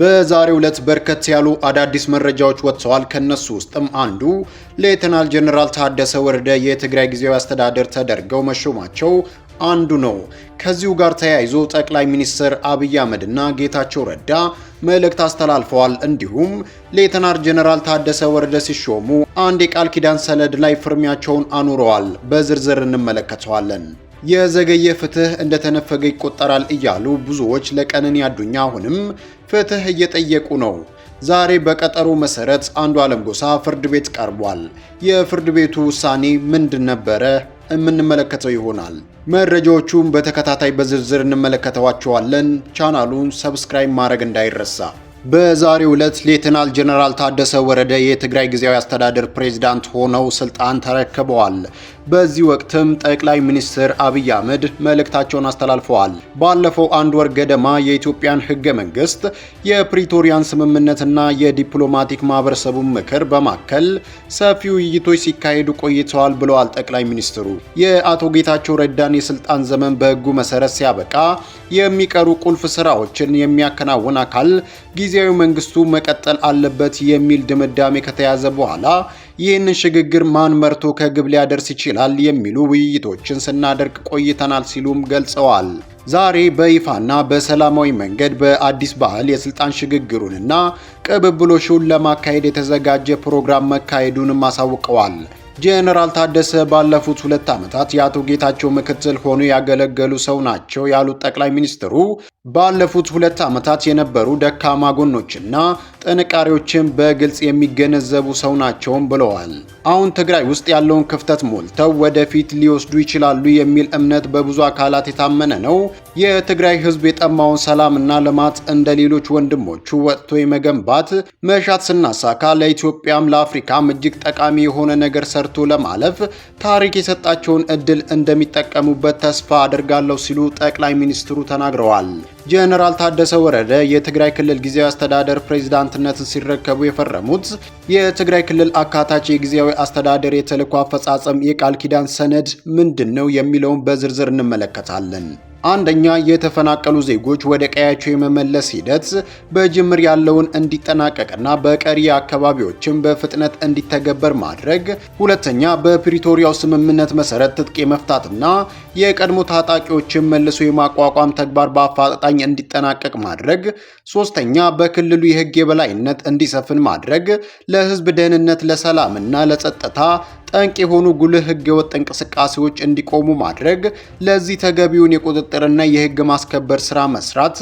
በዛሬ ዕለት በርከት ያሉ አዳዲስ መረጃዎች ወጥተዋል። ከነሱ ውስጥም አንዱ ሌተናል ጀነራል ታደሰ ወረደ የትግራይ ጊዜያዊ አስተዳደር ተደርገው መሾማቸው አንዱ ነው። ከዚሁ ጋር ተያይዞ ጠቅላይ ሚኒስትር አብይ አህመድ ና ጌታቸው ረዳ መልእክት አስተላልፈዋል። እንዲሁም ሌተናር ጀነራል ታደሰ ወረደ ሲሾሙ አንድ የቃል ኪዳን ሰነድ ላይ ፍርሚያቸውን አኑረዋል። በዝርዝር እንመለከተዋለን። የዘገየ ፍትህ እንደተነፈገ ይቆጠራል እያሉ ብዙዎች ለቀነኒ አዱኛ አሁንም ፍትህ እየጠየቁ ነው። ዛሬ በቀጠሮ መሰረት አንዱዓለም ጎሳ ፍርድ ቤት ቀርቧል። የፍርድ ቤቱ ውሳኔ ምንድን ነበረ? የምንመለከተው ይሆናል። መረጃዎቹም በተከታታይ በዝርዝር እንመለከተዋቸዋለን። ቻናሉን ሰብስክራይብ ማድረግ እንዳይረሳ። በዛሬው ዕለት ሌተናል ጀነራል ታደሰ ወረደ የትግራይ ጊዜያዊ አስተዳደር ፕሬዝዳንት ሆነው ስልጣን ተረክበዋል። በዚህ ወቅትም ጠቅላይ ሚኒስትር አብይ አህመድ መልእክታቸውን አስተላልፈዋል። ባለፈው አንድ ወር ገደማ የኢትዮጵያን ህገ መንግስት፣ የፕሪቶሪያን ስምምነትና የዲፕሎማቲክ ማህበረሰቡን ምክር በማከል ሰፊ ውይይቶች ሲካሄዱ ቆይተዋል ብለዋል ጠቅላይ ሚኒስትሩ። የአቶ ጌታቸው ረዳን የስልጣን ዘመን በህጉ መሰረት ሲያበቃ የሚቀሩ ቁልፍ ስራዎችን የሚያከናውን አካል ጊዜያዊ መንግስቱ መቀጠል አለበት የሚል ድምዳሜ ከተያዘ በኋላ ይህንን ሽግግር ማን መርቶ ከግብ ሊያደርስ ይችላል የሚሉ ውይይቶችን ስናደርግ ቆይተናል ሲሉም ገልጸዋል። ዛሬ በይፋና በሰላማዊ መንገድ በአዲስ ባህል የስልጣን ሽግግሩንና ቅብብሎሹን ለማካሄድ የተዘጋጀ ፕሮግራም መካሄዱንም አሳውቀዋል። ጄኔራል ታደሰ ባለፉት ሁለት ዓመታት የአቶ ጌታቸው ምክትል ሆኖ ያገለገሉ ሰው ናቸው ያሉት ጠቅላይ ሚኒስትሩ ባለፉት ሁለት ዓመታት የነበሩ ደካማ ጎኖችና ጥንካሬዎችን በግልጽ የሚገነዘቡ ሰው ናቸውም ብለዋል። አሁን ትግራይ ውስጥ ያለውን ክፍተት ሞልተው ወደፊት ሊወስዱ ይችላሉ የሚል እምነት በብዙ አካላት የታመነ ነው። የትግራይ ሕዝብ የጠማውን ሰላምና ልማት እንደ ሌሎች ወንድሞቹ ወጥቶ የመገንባት መሻት ስናሳካ ለኢትዮጵያም ለአፍሪካም እጅግ ጠቃሚ የሆነ ነገር ሰርቶ ለማለፍ ታሪክ የሰጣቸውን እድል እንደሚጠቀሙበት ተስፋ አድርጋለሁ ሲሉ ጠቅላይ ሚኒስትሩ ተናግረዋል። ጄኔራል ታደሰ ወረደ የትግራይ ክልል ጊዜያዊ አስተዳደር ፕሬዝዳንትነትን ሲረከቡ የፈረሙት የትግራይ ክልል አካታች የጊዜያዊ አስተዳደር የተልዕኮ አፈጻጸም የቃል ኪዳን ሰነድ ምንድን ነው የሚለውን በዝርዝር እንመለከታለን። አንደኛ የተፈናቀሉ ዜጎች ወደ ቀያቸው የመመለስ ሂደት በጅምር ያለውን እንዲጠናቀቅና በቀሪ አካባቢዎችም በፍጥነት እንዲተገበር ማድረግ፣ ሁለተኛ በፕሪቶሪያው ስምምነት መሰረት ትጥቅ የመፍታትና የቀድሞ ታጣቂዎችን መልሶ የማቋቋም ተግባር በአፋጣኝ እንዲጠናቀቅ ማድረግ፣ ሶስተኛ በክልሉ የህግ የበላይነት እንዲሰፍን ማድረግ፣ ለህዝብ ደህንነት፣ ለሰላምና ለጸጥታ ጠንቅ የሆኑ ጉልህ ህገወጥ እንቅስቃሴዎች እንዲቆሙ ማድረግ፣ ለዚህ ተገቢውን የቁጥጥርና የህግ ማስከበር ስራ መስራት፣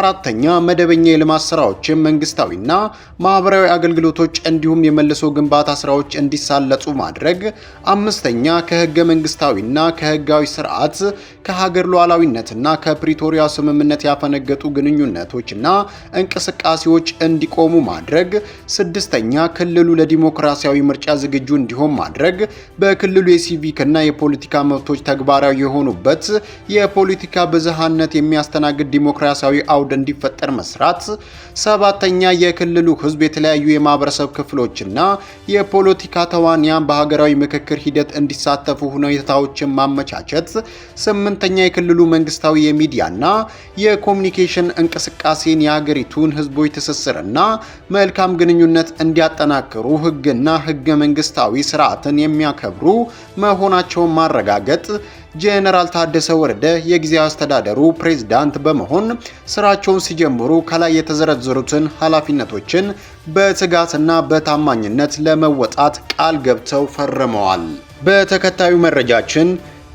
አራተኛ መደበኛ የልማት ስራዎችን መንግስታዊና ማህበራዊ አገልግሎቶች እንዲሁም የመልሶ ግንባታ ስራዎች እንዲሳለጹ ማድረግ። አምስተኛ ከህገ መንግስታዊና ከህጋዊ ስርዓት ከሀገር ሉዓላዊነትና ከፕሪቶሪያ ስምምነት ያፈነገጡ ግንኙነቶችና እንቅስቃሴዎች እንዲቆሙ ማድረግ። ስድስተኛ ክልሉ ለዲሞክራሲያዊ ምርጫ ዝግጁ እንዲሆን ማድረግ። በክልሉ የሲቪክና የፖለቲካ መብቶች ተግባራዊ የሆኑበት የፖለቲካ ብዝሃነት የሚያስተናግድ ዲሞክራሲያዊ አውድ እንዲፈጠር መስራት። ሰባተኛ የክልሉ ህዝብ የተለያዩ የማህበረሰብ ክፍሎችና የፖለቲካ ተዋንያን በሀገራዊ ምክክር ሂደት እንዲሳተፉ ሁኔታዎችን ማመቻቸት። ስምንተኛ የክልሉ መንግስታዊ የሚዲያና የኮሚኒኬሽን እንቅስቃሴን የሀገሪቱን ህዝቦች ትስስርና መልካም ግንኙነት እንዲያጠናክሩ ህግና ህገ መንግስታዊ ስርዓትን የሚያከብሩ መሆናቸውን ማረጋገጥ ጄኔራል ታደሰ ወረደ የጊዜያዊ አስተዳደሩ ፕሬዝዳንት በመሆን ስራቸውን ሲጀምሩ ከላይ የተዘረዘሩትን ኃላፊነቶችን በትጋትና በታማኝነት ለመወጣት ቃል ገብተው ፈርመዋል። በተከታዩ መረጃችን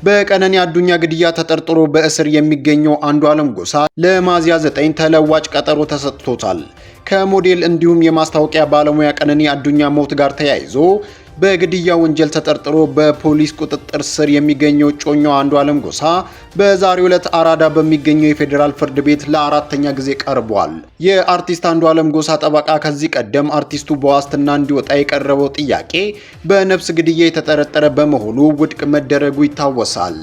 በቀነኒ አዱኛ ግድያ ተጠርጥሮ በእስር የሚገኘው አንዱዓለም ጎሳ ለሚያዝያ 9 ተለዋጭ ቀጠሮ ተሰጥቶታል። ከሞዴል እንዲሁም የማስታወቂያ ባለሙያ ቀነኒ አዱኛ ሞት ጋር ተያይዞ በግድያ ወንጀል ተጠርጥሮ በፖሊስ ቁጥጥር ስር የሚገኘው አንዱ አለም ጎሳ በዛሬው ዕለት አራዳ በሚገኘው የፌዴራል ፍርድ ቤት ለአራተኛ ጊዜ ቀርቧል። የአርቲስት አንዱ አለም ጎሳ ጠበቃ ከዚህ ቀደም አርቲስቱ በዋስትና እንዲወጣ የቀረበው ጥያቄ በነፍስ ግድያ የተጠረጠረ በመሆኑ ውድቅ መደረጉ ይታወሳል።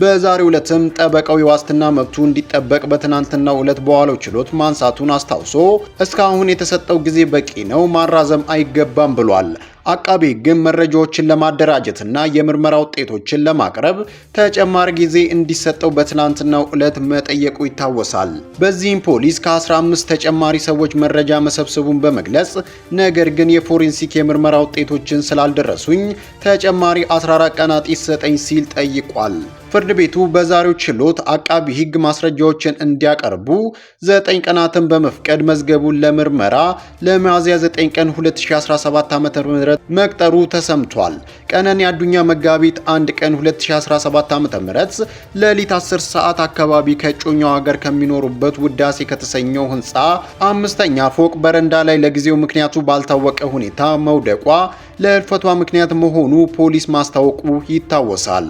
በዛሬው ዕለትም ጠበቃው የዋስትና መብቱ እንዲጠበቅ በትናንትናው ዕለት በዋለው ችሎት ማንሳቱን አስታውሶ እስካሁን የተሰጠው ጊዜ በቂ ነው፣ ማራዘም አይገባም ብሏል። አቃቢ ሕግም መረጃዎችን ለማደራጀትና የምርመራ ውጤቶችን ለማቅረብ ተጨማሪ ጊዜ እንዲሰጠው በትናንትናው ዕለት መጠየቁ ይታወሳል። በዚህም ፖሊስ ከ15 ተጨማሪ ሰዎች መረጃ መሰብሰቡን በመግለጽ ነገር ግን የፎሬንሲክ የምርመራ ውጤቶችን ስላልደረሱኝ ተጨማሪ 14 ቀናት ይሰጠኝ ሲል ጠይቋል። ፍርድ ቤቱ በዛሬው ችሎት አቃቢ ሕግ ማስረጃዎችን እንዲያቀርቡ ዘጠኝ ቀናትን በመፍቀድ መዝገቡን ለምርመራ ለሚያዝያ 9 ቀን 2017 ዓ.ም መቅጠሩ ተሰምቷል። ቀነኒ አዱኛ መጋቢት 1 ቀን 2017 ዓ.ም ሌሊት 10 ሰዓት አካባቢ ከእጮኛው ሀገር ከሚኖሩበት ውዳሴ ከተሰኘው ህንፃ አምስተኛ ፎቅ በረንዳ ላይ ለጊዜው ምክንያቱ ባልታወቀ ሁኔታ መውደቋ ለህልፈቷ ምክንያት መሆኑ ፖሊስ ማስታወቁ ይታወሳል።